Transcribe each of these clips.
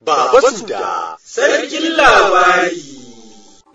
Baba Suda, Sarkin Labari.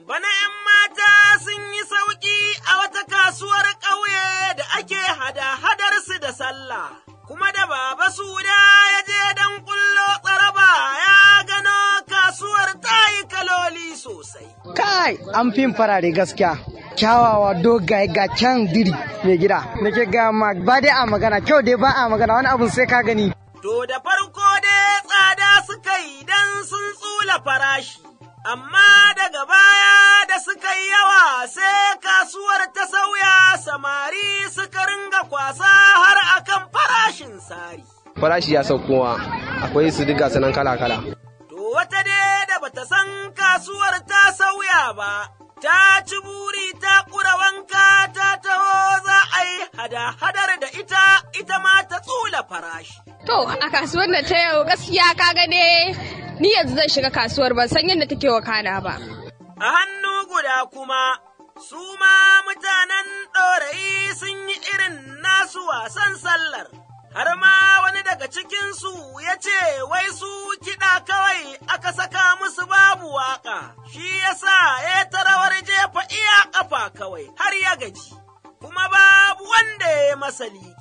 Bana ‘yan mata sun yi sauƙi a wata kasuwar ƙauye da ake hada-hadar su da sallah, kuma da Baba Suda ya je don ƙullo tsaraba ya gano kasuwar ta yi kaloli sosai. Kai, an fin farare gaskiya. kyawawa dogaye ga can diri mai gida nake ga ma ba dai a magana kyau dai ba a magana wani abun sai ka gani To da farko dai tsada suka yi don sun tsula farashi, amma daga baya da suka yi yawa sai kasuwar ta sauya samari suka ringa kwasa har akan farashin sari. Farashi ya saukowa akwai su diga sanan kala-kala. To wata dai da bata san kasuwar ta sauya ba. ta ci buri ta ƙura wanka ta taho za a yi hada-hadar da ita ita ma ta tsula farashi. To a kasuwar da ta yau gaskiya ka gane ni yanzu zan shiga kasuwar ban san yadda take kana ba. A hannu guda kuma su ma mutanen ɗorayi sun yi irin nasu wasan sallar. har ma wani daga cikinsu ya ce wai su kiɗa kawai aka saka musu babu waƙa, shi yasa ya ta rawar jefa iya ƙafa kawai har ya gaji, kuma babu wanda ya masa liki.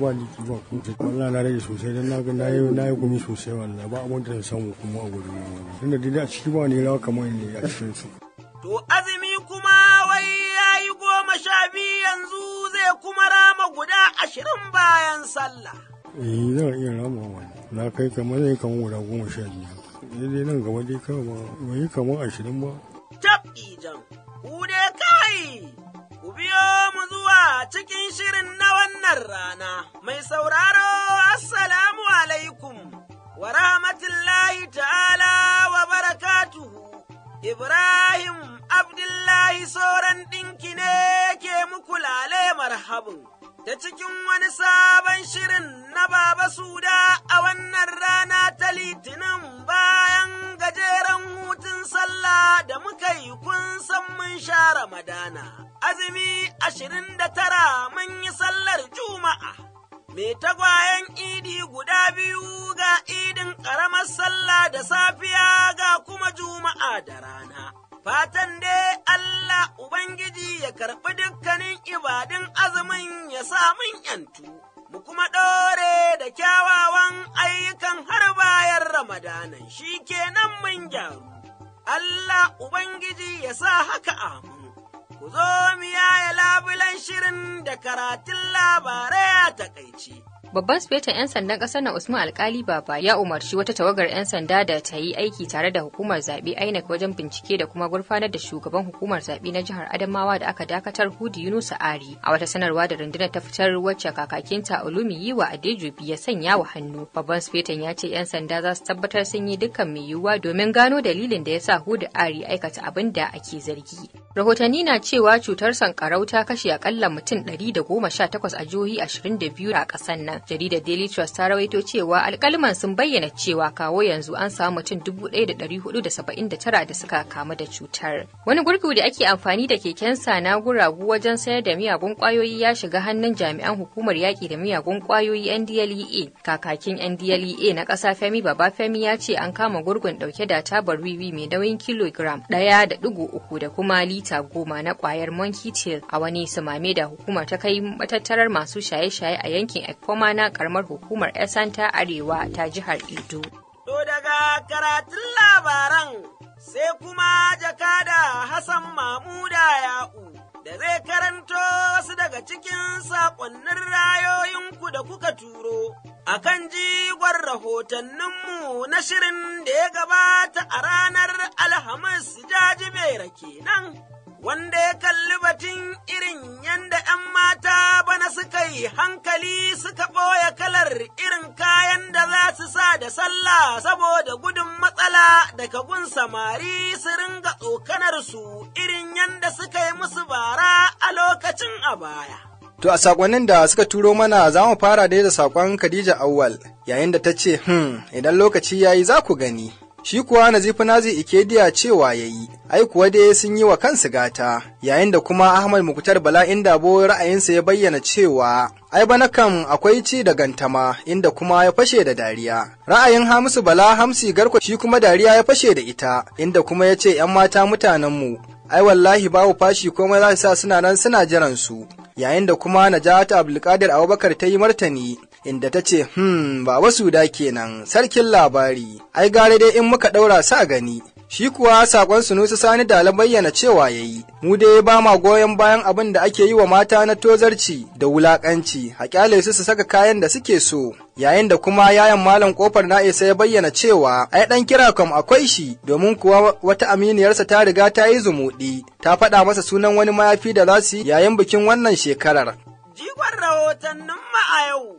ba liki ba ko wallahi na rage sosai dan yi na yi gumi sosai wallahi ba abun da samu kuma a gurin tunda dai a ciki ba ne rawa kamar ne a cikin su to azumi kuma wai yayi goma sha biyu yanzu zai kuma rama guda ashirin bayan sallah. Eh zan iya rama wani, na kai kamar zai kama guda goma sha biyu. Daidai nan gaba dai kama Ba yi kama ashirin ba. Tab ijan, ku dai kai! Ku biyo mu zuwa cikin shirin na wannan rana, mai sauraro Assalamu alaikum wa rahmatullahi ta'ala wa barakatuhu. Ibrahim Abdullahi sauran ɗinki ne. muku lale marhabin ta cikin wani sabon shirin na Baba Suda a wannan rana ta litinin bayan gajeren hutun sallah da muka yi kun san mun sha Ramadana. Azumi ashirin da tara mun yi sallar Juma'a. Me tagwayen idi guda biyu ga idin ƙaramar sallah da safiya ga kuma Juma'a da rana. Fatan dai Allah Ubangiji ya karɓi dukkanin ibadun azumin ya sa mun ‘yantu, mu kuma ɗore da kyawawan ayyukan har bayan Ramadanan shi ke nan mun gyaru. Allah Ubangiji ya sa haka amu, ku zo mu yaye labulan shirin da karatun labarai a taƙaice. Babban sufetan 'yan sandan ƙasar na Usman Alkali Baba ya umarci wata tawagar 'yan sanda da ta yi aiki tare da hukumar zaɓe INEC wajen bincike da kuma gurfanar da shugaban hukumar zaɓe na jihar Adamawa da aka dakatar Hudu Yunus Ari. A wata sanarwa da rundunar ta fitar wacce kakakinta wa Adejubi ya sanya wa hannu. Babban sufetan ya ce 'yan sanda za su tabbatar sun yi dukkan mai yiwuwa domin gano dalilin da ya sa Hudu Ari aikata abin da ake zargi. Rahotanni na cewa cutar sankarau ta kashe akalla mutum ɗari da goma sha takwas a jihohi biyu a ƙasar nan. Jaridar Daily Trust ta rawaito cewa alƙalman sun bayyana cewa kawo yanzu an samu mutum dubu 1,479 da hudu da da da saba'in tara suka kamu da cutar. Wani gurgu da ake amfani da keken sa na guragu wajen sayar da miyagun kwayoyi ya shiga hannun jami'an hukumar yaƙi da miyagun kwayoyi NDLEA. Kakakin NDLEA na ƙasa Femi baba femi ya ce an kama gurgun ɗauke da tabar wiwi mai nauyin kilogiram ɗaya da ɗigo uku da kuma lita goma na kwayar monkey tail a wani sumame da hukumar ta kai matattarar masu shaye-shaye a yankin ekpoma na karamar hukumar santa arewa ta jihar edo to daga karatun labaran sai kuma jakada hassan mamuda ya'u da zai karanto su daga cikin saƙonnin rayoyinku da kuka turo a kan jigon rahotanninmu na shirin da ya gabata a ranar alhamis jajibe kenan. wanda ya kalli batun irin yanda ‘yan mata bana suka yi hankali suka ɓoye kalar irin kayan da za su sa da sallah saboda gudun matsala daga gun samari su ringa tsokanar su irin yanda suka yi musu bara a lokacin a baya. To a saƙonin da suka turo mana za mu fara dai da saƙon Khadija Awwal yayin da ta ce, "Hmm, idan lokaci ya yi za ku gani." Shi kuwa na Nazi Ikediya cewa ya yi, ai kuwa dai sun yi wa kansu gata, yayin da kuma Ahmad Mukutar Bala inda bo ra'ayinsa ya bayyana cewa ai bana kan akwai ci da gantama inda kuma ya fashe da dariya. Ra'ayin Hamisu Bala Hamsi Garko shi kuma dariya ya fashe da ita, inda kuma ya ce ‘yan mata mutanenmu, ai wallahi babu fashi komai za su sa suna nan suna jiran su. Yayin da kuma Najat Abdulkadir Abubakar ta yi martani, inda ta ce hmm ba wasu da kenan sarkin labari ai gare dai in muka ɗaura sa gani shi kuwa sakon nusa sani da bayyana cewa ya yi mu dai ba ma goyon bayan abin da ake yi wa mata na tozarci da wulaƙanci a kyale su su saka kayan da suke so yayin da kuma yayan malam ƙofar na isa ya bayyana cewa ai ɗan kira kam akwai shi domin kuwa wata aminiyarsa ta riga ta yi zumuɗi ta faɗa masa sunan wani mayafi da za su yayin bikin wannan shekarar. Jigon rahotannin ma a yau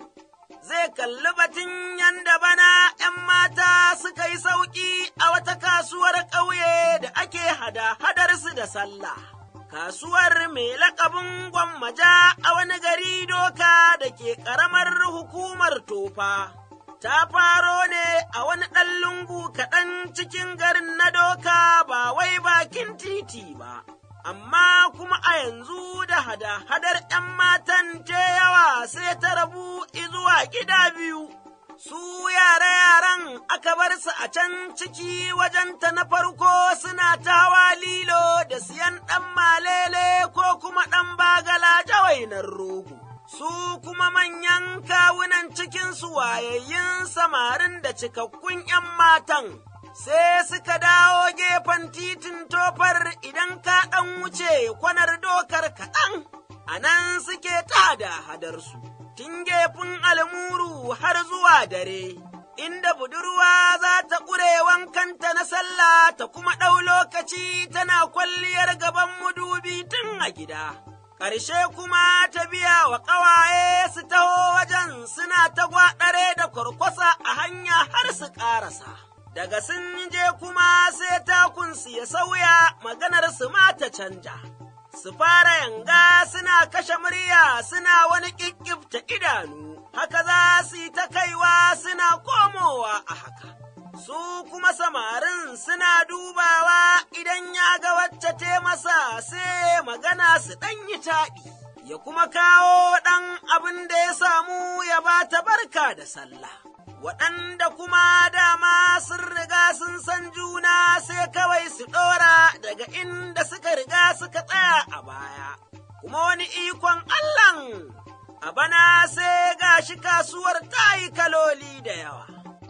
zai kalli batun yanda bana ‘yan mata suka yi sauƙi a wata kasuwar ƙauye da ake hada-hadar su da sallah. Kasuwar mai laƙabin gwammaja a wani gari doka da ke ƙaramar hukumar tofa. ta faro ne a wani ɗan lungu kaɗan cikin garin na doka ba wai bakin titi ba. amma kuma a yanzu da hada-hadar ’yan matan ce yawa sai ta rabu izuwa gida biyu, su yare-yaren aka bar su a can ciki wajen ta na farko suna tawa lilo da siyan ɗan malele ko kuma ɗan bagala jawainar rogo. Su kuma manyan kawunan cikinsu wayayyin samarin da cikakkun ’yan matan. sai suka dawo gefen titin tofar idan ka ɗan wuce kwanar dokar kaɗan, a nan suke ta hadar hadarsu, tun gefen almuru har zuwa dare, inda budurwa za ta ƙure wankanta na sallah ta kuma ɗau lokaci tana kwalliyar gaban mudubi tun a gida. Ƙarshe kuma ta biya wa ƙawaye su taho wajen suna ta gwaɗare da kwarkwasa a hanya har su ƙarasa. daga sun je kuma sai takunsu ya sauya maganar su ma ta canja. Su fara yanga suna kashe murya suna wani ta idanu, haka za su yi ta kaiwa suna komowa a haka. Su kuma samarin suna dubawa idan ya ga wacce te masa sai magana su ɗan yi taɗi, ya kuma kawo ɗan abin da ya samu ya ba ta barka da sallah. waɗanda kuma dama sun riga sun san juna sai kawai su ɗora daga inda suka riga suka tsaya a baya, kuma wani ikon Allahn a bana sai gashi kasuwar ta yi kaloli da yawa.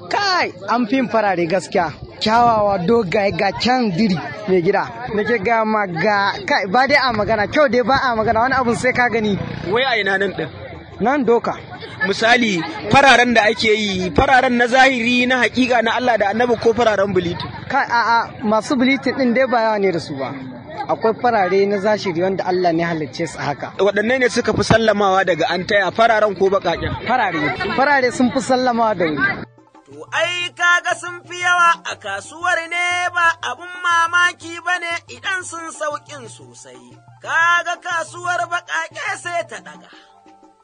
kai an fin farare gaskiya kyawawa dogaye ga can diri mai gida nake ga maga kai ba dai a magana kyau dai ba a magana wani abu sai ka gani wai a ina nan ɗin? nan doka misali fararen da ake yi fararen na zahiri na hakika na Allah da annabi ko fararen ka a a'a masu bulitu din dai ba yawa ne da su ba akwai farare na zashiri wanda Allah ne halicce su haka. Waɗanne ne suka fi sallamawa daga an taya fararen ko baƙaƙen? Farare. Farare sun fi sallamawa da wuri. To ai kaga sun fi yawa a kasuwar ne ba abun mamaki bane idan sun sauƙin sosai. Kaga kasuwar baƙaƙe sai ta daga.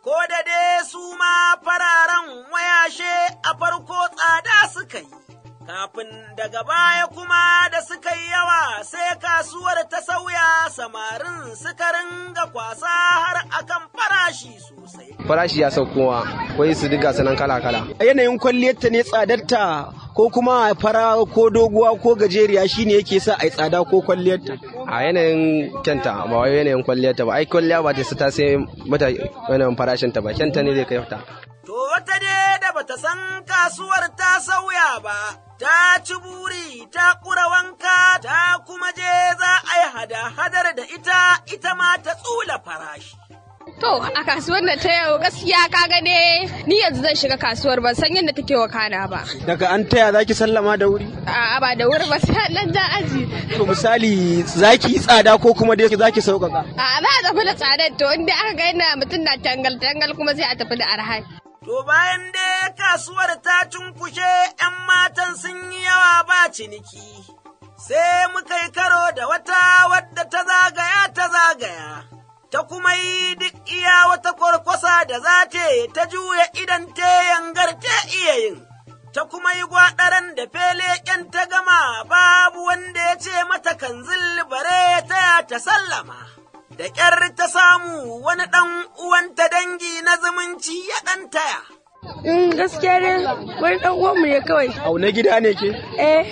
ko da dai su ma fararen wayashe a farko tsada suka yi. kafin daga baya kuma da suka yi yawa sai kasuwar ta sauya samarin suka ringa kwasa har akan farashi sosai. Farashi ya saukowa, kwai su diga sanan kala-kala. A yanayin kwalliyarta ne tsadarta ko kuma fara ko doguwa ko gajeriya shine yake sa a yi tsada ko kwalliyarta. A yanayin kyanta ba wai yanayin kwalliyarta ba, ai kwalliya ba ta sai mata yanayin farashinta ba, kyanta ne zai kai ta. To wata dai san kasuwar ta sauya ba, ta ci buri, ta ƙura wanka, ta kuma je za a yi hada-hadar da ita, ita ma ta tsula farashi. To, a kasuwar da ta yau gaskiya ka gane ni yanzu zan shiga kasuwar ban san yadda take wakana ba. Daga an taya za ki sallama da wuri? A'a ba da wuri ba sai nan da aji. To misali za ki tsada ko kuma dai za ki sauƙaƙa? A'a za a tafi da tsadar to inda aka ga yana mutum na tangal tangal kuma sai a tafi da arha. To bayan dai kasuwar ta cunkushe ‘yan matan sun yi yawa ba ciniki, sai muka yi karo da wata wadda ta zagaya ta zagaya, ta kuma yi duk iya wata kwarkwasa da za ta ta juya idan ta yangar ta iya yin, ta kuma yi gwaɗaran da fele ‘yan ta gama babu wanda ya ce mata kan bare ta ta sallama. da kyar ta samu wani ɗan uwanta dangi na zumunci ya ɗan taya. Mm, gaskiya ne wani ɗan uwanmu ne kawai. Au na gida ne ke? Eh.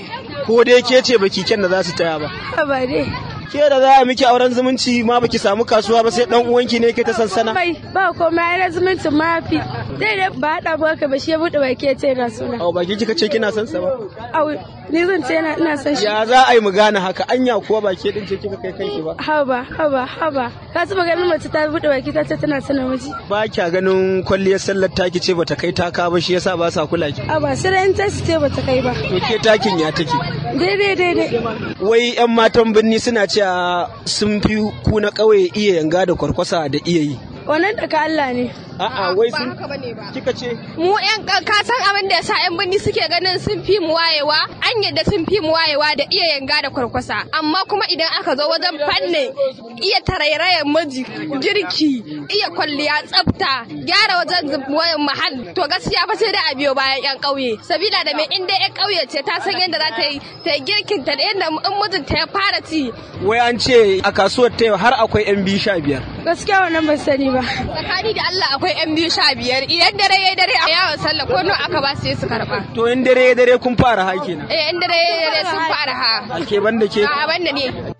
Ko dai ke ce baki ken da za su taya ba? Ba dai. Ke da za a miki auren zumunci ma baki samu kasuwa ba sai ɗan uwanki ne ke ta sansana? Ba komai, ba komai na zumuncin ma fi. Dai dai ba haɗa ka ba shi ya buɗe ba ke ce na suna. Au baki kika ce kina son sa ba? Au ni zan ce ina son shi. Ya za a yi mu gane haka anya kuwa baki ɗin ce kika kai kanki ba? Haba haba haba. Ka taɓa ganin mace ta buɗe baki ta ce tana son namiji. Ba kya ganin kwalliyar sallar ta ki ce bata kai taka ba shi yasa ba sa kula ki. A ba sai dai in ta ce bata kai ba. To ke takin ya take? dai dai. Wai 'yan matan birni suna cewa sun fi ku na ƙauye iya yanga da kwarkwasa da iya yi. Wannan daga Allah ne. a'a wai sun kika ce mu yan ka san abin da yasa yan birni suke ganin sun fi mu wayewa an yadda sun fi mu wayewa da iya yanga da kwarkwasa amma kuma idan aka zo wajen fannin iya tarairaya maji girki iya kwalliya tsafta gyara wajen wayan mahal to gaskiya fa sai da a biyo bayan yan ƙauye sabila da in inda yan ƙauye ce ta san yadda za ta yi ta girkin ta da yadda in ya fara ci wai an ce a kasuwar ta har akwai ƴan biyu sha biyar gaskiya wannan ba sani ba akwai yan biyu sha biyar idan dare ya dare a yawon sallah ko nawa aka ba su su karba. To in dare ya dare kun fara ha kenan. Eh in dare ya dare sun fara ha. Ake banda ke. A banda ne.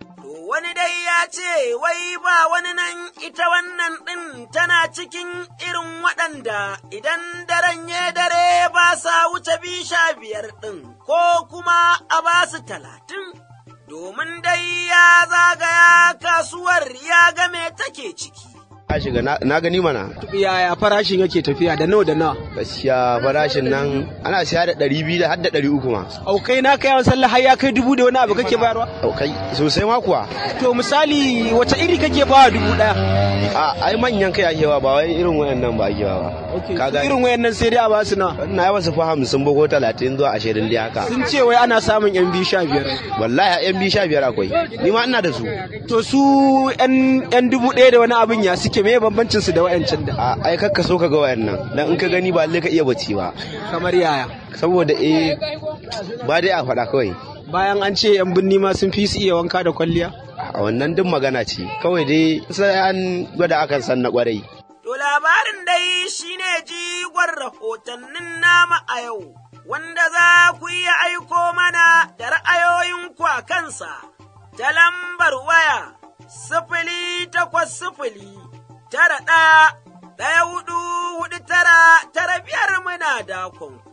wani dai ya ce wai ba wani nan ita wannan ɗin tana cikin irin waɗanda idan daren ya dare ba sa wuce bi sha biyar ɗin ko kuma a ba su talatin. Domin dai ya zagaya kasuwar ya ga me take ciki. shiga na gani mana yaya farashin yake tafiya da nawa da nawa gaskiya farashin nan ana siya da ɗari biyu da har da ɗari uku ma aukai na kai sallah har ya kai dubu da wani abu kake bayarwa aukai sosai ma kuwa to misali wace iri kake bawa dubu ɗaya a ai manyan kai ake ba wai irin wayannan ba ake ba kaga irin wayannan sai dai a basu na na ya basu fa hamsin bugo 30 talatin zuwa ashirin dai haka sun ce wai ana samun yan biyu sha biyar wallahi yan biyu sha biyar akwai ni ma ina da su to su yan dubu ɗaya da wani abin ya suke ok me bambancin su da wayancin da ai kakka so ka ga wayannan dan in ka gani ba lalle ka iya bacci ba kamar yaya saboda eh ba dai a faɗa kawai bayan an ce yan binni ma sun fi su iya wanka da kwalliya a wannan duk magana ce kawai dai sai an gwada akan san na kwarai to labarin dai shine jigon rahotannin nama a yau wanda za ku iya aiko mana da ra'ayoyinku a kansa ta lambar waya sifili takwas sifili tara ɗaya, ɗaya hudu hudu tara, tara biyar muna da kwanku.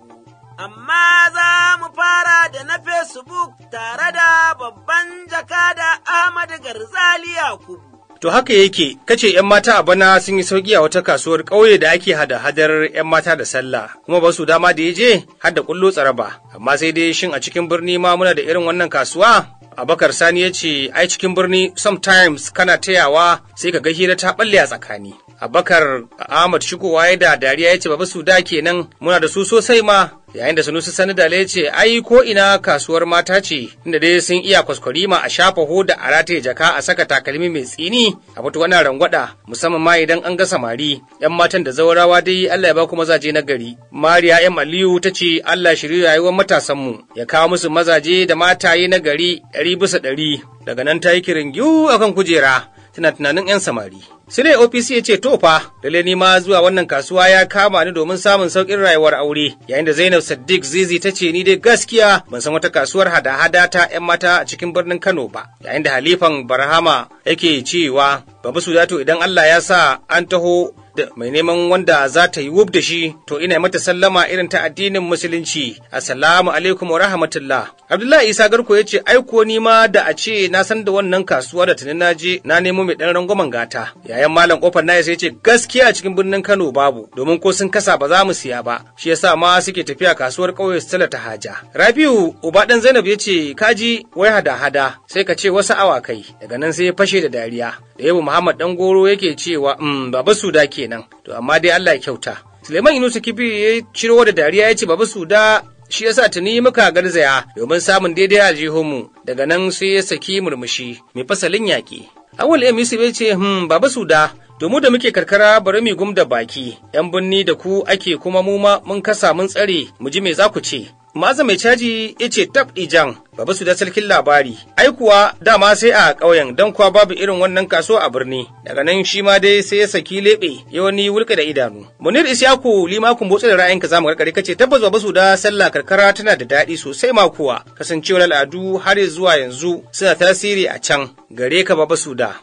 Amma za mu fara da na Facebook tare da babban jaka da Ahmad Garzali Yakubu. To haka yake, kace ‘yan mata a bana sun yi sauƙi a wata kasuwar ƙauye da ake hada-hadar ‘yan mata da sallah, kuma ba su dama da ya je hada ƙullo tsaraba. Amma sai dai shin a cikin birni ma muna da irin wannan kasuwa? Abakar Sani ya ce, ai cikin birni sometimes kana tayawa sai ka ga hira ta ɓalle a tsakani. Abakar Ahmad shigowa ya da dariya ya ce baba su da kenan muna da su sosai ma yayin da Sanusi Sani da ce ai ko ina kasuwar mata ce inda dai sun iya kwaskwari ma a shafa da a rataye jaka a saka takalmi mai tsini a fito wani rangwada musamman ma idan an ga samari yan matan da zaurawa dai Allah ya ba ku mazaje na gari Mariya Aliyu ta ce Allah shirya rayuwar matasan mu ya kawo musu mazaje da mataye na gari ɗari bisa ɗari daga nan ta yi kiringiyu akan kujera tana tunanin yan samari Shi ne OPC ya ce to fa lalle ni ma zuwa wannan kasuwa ya kama ni domin samun sauƙin rayuwar aure yayin da Zainab Sadiq Zizi ta ce ni dai gaskiya ban san wata kasuwar hada-hada ta 'yan mata a cikin birnin Kano ba yayin da Halifan Barhama yake cewa Babu zato idan Allah ya sa an taho mai neman wanda za ta yi wub da shi to ina mata sallama irin ta addinin musulunci assalamu alaikum wa rahmatullah abdullahi isa garko ya ce aiko ni ma da a ce na san da wannan kasuwa da tuni na je na nemo mai dan rangwamen gata yayan malam kofar na ya ce gaskiya cikin birnin kano babu domin ko sun kasa ba za mu siya ba shi yasa ma suke tafiya kasuwar ƙauye su tala ta haja rabiu uba dan zainab ya ce kaji wai hada hada sai ka ce wasu awakai daga nan sai ya fashe da dariya da yabo muhammad dan goro yake cewa um baba su dake kenan to amma dai Allah ya kyauta Suleiman Yunus Kibi ya ciro da dariya ya ce baba su da shi yasa tuni muka garzaya domin samun daidai mu daga nan sai ya saki murmushi mai fasalin yaƙi Awal M Yusuf ya ce hmm baba su da domin da muke karkara bari mu gum da baki yan binni da ku ake kuma mu ma mun kasa mun tsare mu ji me za ku ce Maza mai caji ya ce tab ijan baba su da sarkin labari. Ai kuwa dama sai a ƙauyen don kuwa babu irin wannan kaso a birni. Daga nan shi ma dai sai ya saki leɓe ya wani wulka da idanu. Munir Isyaku lima kun botsa da ra'ayinka zamu karkare kace tabbas ba su da sallah karkara tana da daɗi sosai ma kuwa. Kasancewar al'adu har zuwa yanzu suna tasiri a can. Gare ka baba su da.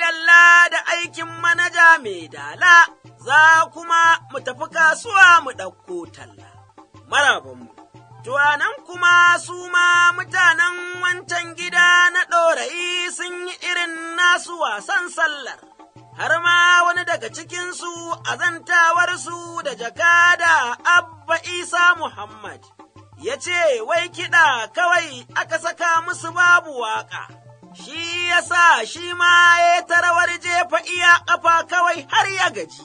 dalla da aikin manaja mai dala, za kuma mu tafi kasuwa mu ɗauko talla. Marabanmu. To kuma su ma mutanen wancan gida na ɗorayi sun yi irin nasu wasan sallar, har ma wani daga cikinsu a zantawarsu da jakada Abba Isa Muhammad, ya ce wai kiɗa kawai aka saka musu babu waƙa. Shi ya sa shi ma ya tarawar jefa iya ƙafa kawai har ya gaji,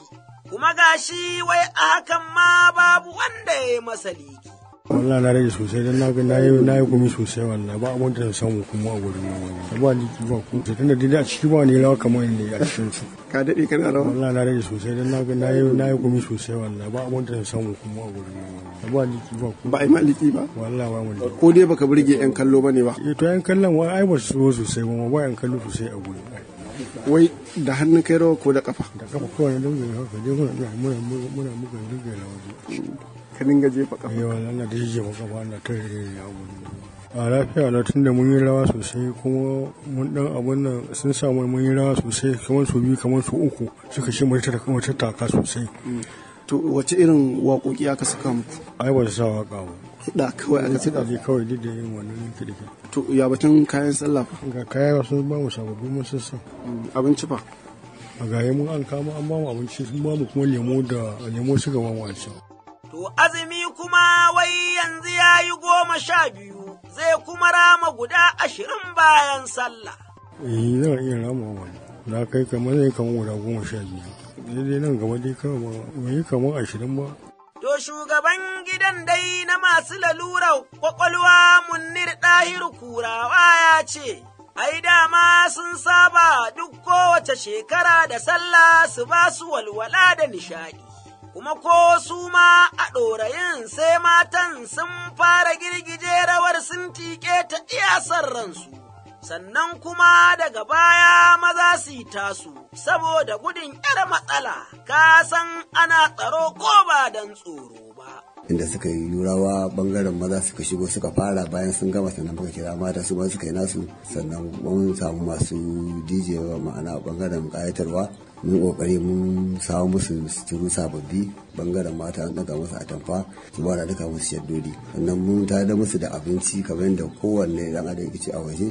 kuma ga shi wai a hakan ma babu wanda ya yi masali. wallah na rage sosai don na yi na yi gumi sosai wallah ba abin da samu kuma a gurin nan wani ba ni ki ba ku tun da dida a ciki ba ne rawa kamar ne a cikin su ka dade kana rawa wallah na rage sosai don na yi na yi gumi sosai wallah ba abin da samu kuma a gurin nan wani ba ni ki ba ku ba ai maliki ba wallah ba mu ko dai baka burge yan kallo bane ba eh to yan kallon wai ai ba su sosai ba ba yan kallo sosai a gurin wai da hannu kai rawa ko da kafa da kafa kawai don da haka dai muna muna muna muna muna da waje ka dinga jefa kafa yawa eh, ana da jefa kafa ana ta ya gudu a lafiya na tun da mun yi rawa sosai kuma mun dan abun nan sun samu mun yi rawa sosai kamar su biyu kamar su uku suka shi mata ta mata taka sosai mm. to wace irin waƙoƙi aka saka muku ai ba su sa waƙa ba kiɗa kawai aka kiɗa ne kawai duk da yin wannan kiɗa to ya batun kayan sallah fa ga kayan wasu ba mu sababbi mun sassa mm, abinci fa a gaye mun an kama an ba mu abinci sun ba mu kuma lemo da lemo su ga mu a to azumi kuma wai yanzu ya yi goma sha biyu zai kuma rama guda ashirin bayan sallah eh zan iya rama wani na kai kamar zai kama guda goma sha biyu daidai nan gaba dai kama ba yi kamar ashirin ba shugaban gidan dai na masu lalurar kwakwalwa Munir ɗahiru kurawa ya ce, Ai dama sun saba duk kowace shekara da sallah su ba su walwala da nishaɗi. Kuma ko su ma a ɗorayin sai matan sun fara girgije rawar sun tike ta iyasar ransu. sannan kuma daga baya maza su yi tasu, saboda gudun ‘yar matsala, ka san ana tsaro ko ba don tsoro ba. Inda suka yi yurawa bangaren maza suka shigo suka fara bayan sun gama sannan muka kira mata su ma suka yi nasu sannan mun samu masu DJ ma'ana bangaren kayatarwa mun kokari mun samu musu suturu sababbi bangaren mata an daga musu atamfa su ba da duka musu shaddodi sannan mun tada musu da abinci kamar yadda kowanne dan adam ci a waje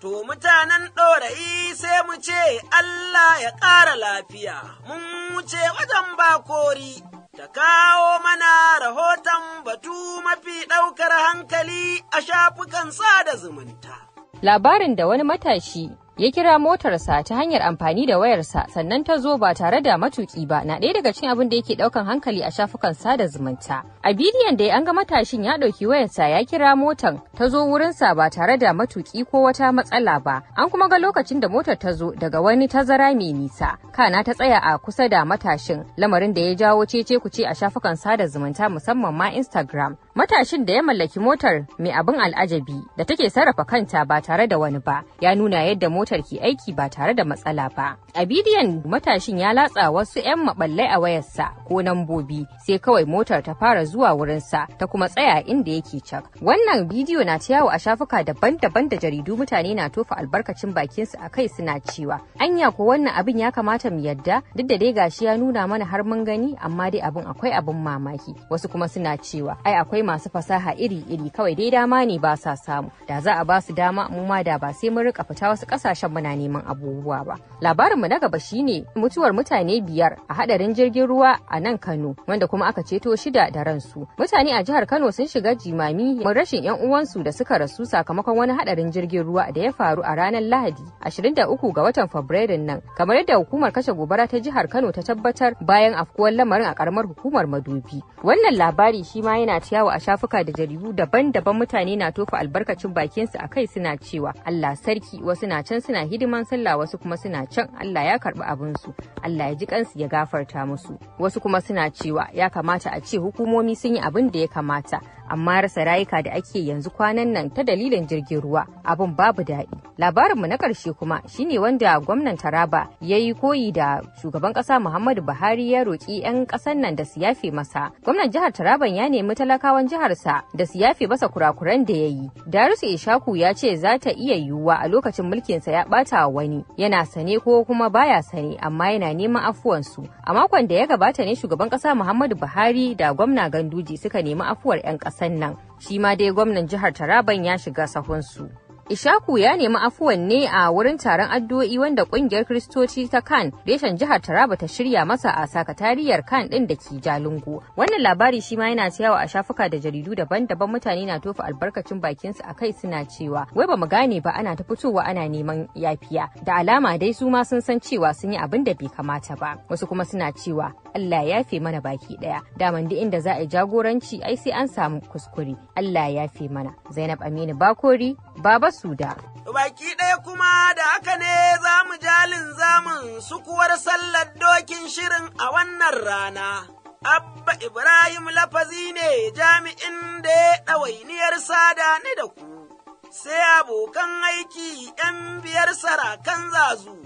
To mutanen ɗorayi sai mu ce Allah ya ƙara lafiya, mun wuce wajen bakori, ta kawo mana rahoton batu mafi ɗaukar hankali a shafukan sada zumunta. Labarin da wani matashi ya kira motarsa ta hanyar amfani da wayarsa sannan ta zo ba tare da matuki ba na ɗaya daga cikin abin da yake ɗaukan hankali a shafukan sada zumunta a bidiyon da an ga matashin ya ɗauki wayarsa ya kira motan ta zo wurinsa ba tare da matuki ko wata matsala ba an kuma ga lokacin da motar ta zo daga wani tazara mai nisa kana ta tsaya a kusa da matashin lamarin da ya jawo cece ce a shafukan sada zumunta musamman ma instagram matashin da ya mallaki motar mai abin al'ajabi da take sarrafa kanta ba tare da wani ba ya nuna yadda motar ke aiki ba tare da matsala ba a bidiyon matashin ya latsa wasu 'yan maballai a wayarsa ko nambobi sai kawai motar ta fara zuwa wurinsa ta kuma tsaya inda yake cak wannan bidiyo na ta yawo a shafuka daban-daban da jaridu mutane na tofa albarkacin bakinsu a kai suna cewa anya ko wannan abin ya kamata mu yadda duk da dai gashi ya nuna mana har mun gani amma dai abin akwai abin mamaki wasu kuma suna cewa ai akwai masu fasaha iri-iri kawai dai dama ne ba sa samu da za a ba su dama mu ma da ba sai mun rika fita wasu kasashen muna neman abubuwa ba labarin mu na gaba shine mutuwar mutane biyar a hadarin jirgin ruwa a nan Kano wanda kuma aka ceto shida da ransu mutane a jihar Kano sun shiga jimami mun rashin yan uwansu da suka rasu sakamakon wani hadarin jirgin ruwa da ya faru a ranar Lahadi 23 ga watan Fabrairun nan kamar yadda hukumar kashe gobara ta jihar Kano ta tabbatar bayan afkuwar lamarin a karamar hukumar madubi wannan labari shi ma yana ciyawa a shafuka da jaridu daban-daban mutane na tofa albarkacin bakinsu a kai suna cewa Allah sarki wasu na can suna hidiman sallah wasu kuma suna can Allah ya karbi abinsu Allah ya ji kansu ya gafarta musu wasu kuma suna cewa ya kamata a ce hukumomi sun yi abin da ya kamata amma rasa rayuka da ake yanzu kwanan nan ta dalilin jirgin ruwa abin babu daɗi labarinmu na ƙarshe kuma shine wanda gwamnan taraba ya yi koyi da shugaban ƙasa muhammadu buhari ya roƙi 'yan ƙasan nan da su yafe masa gwamnan jihar taraban ya nemi talakawan jiharsa da su yafe masa kurakuran da ya yi darisu ishaku ya ce za ta iya yiwuwa a lokacin mulkinsa ya ɓata wani yana sane ko kuma baya sane amma yana neman afuwansu a makon da ya gabata ne shugaban ƙasa muhammadu buhari da gwamna ganduji suka nemi afuwar 'yan ƙasa Sannan, shi ma dai gwamnan jihar taraban ya shiga sahunsu. Ishaku ya nemi afuwan ne a wurin taron addu'o'i wanda kungiyar Kristoci ta Kan reshen jihar Taraba ta shirya masa a sakatariyar Kan din da ke Jalingo. Wannan labari shi ma yana cewa a shafuka da jaridu daban-daban mutane na tofa albarkacin bakinsu a kai suna cewa wai bamu gane ba ana ta fitowa ana neman yafiya. Da alama dai su ma sun san cewa sun yi abin da bai kamata ba. Wasu kuma suna cewa Allah ya yafe mana baki daya. Daman duk inda za a yi jagoranci ai sai an samu kuskure. Allah ya yafe mana. Zainab Aminu Bakori, Baba da. Baki ɗaya kuma da haka ne za mu jalin zamun sukuwar sallar dokin shirin a wannan rana. Abba Ibrahim lafazi ne jami'in da ya ɗawainiyar sada ni da ku, sai abokan aiki ‘yan biyar sarakan zazu,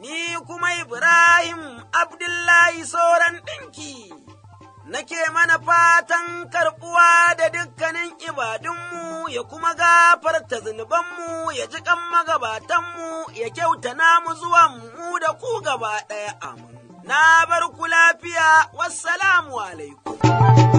ni kuma Ibrahim Abdullahi sauran ɗinki. nake mana fatan karɓuwa da dukkanin ibadunmu ya kuma gafarta zunubanmu ya ji kan magabatanmu ya kyauta namu zuwan mu da ku gaba ɗaya amin. Na bar ku lafiya, wassalamu alaikum.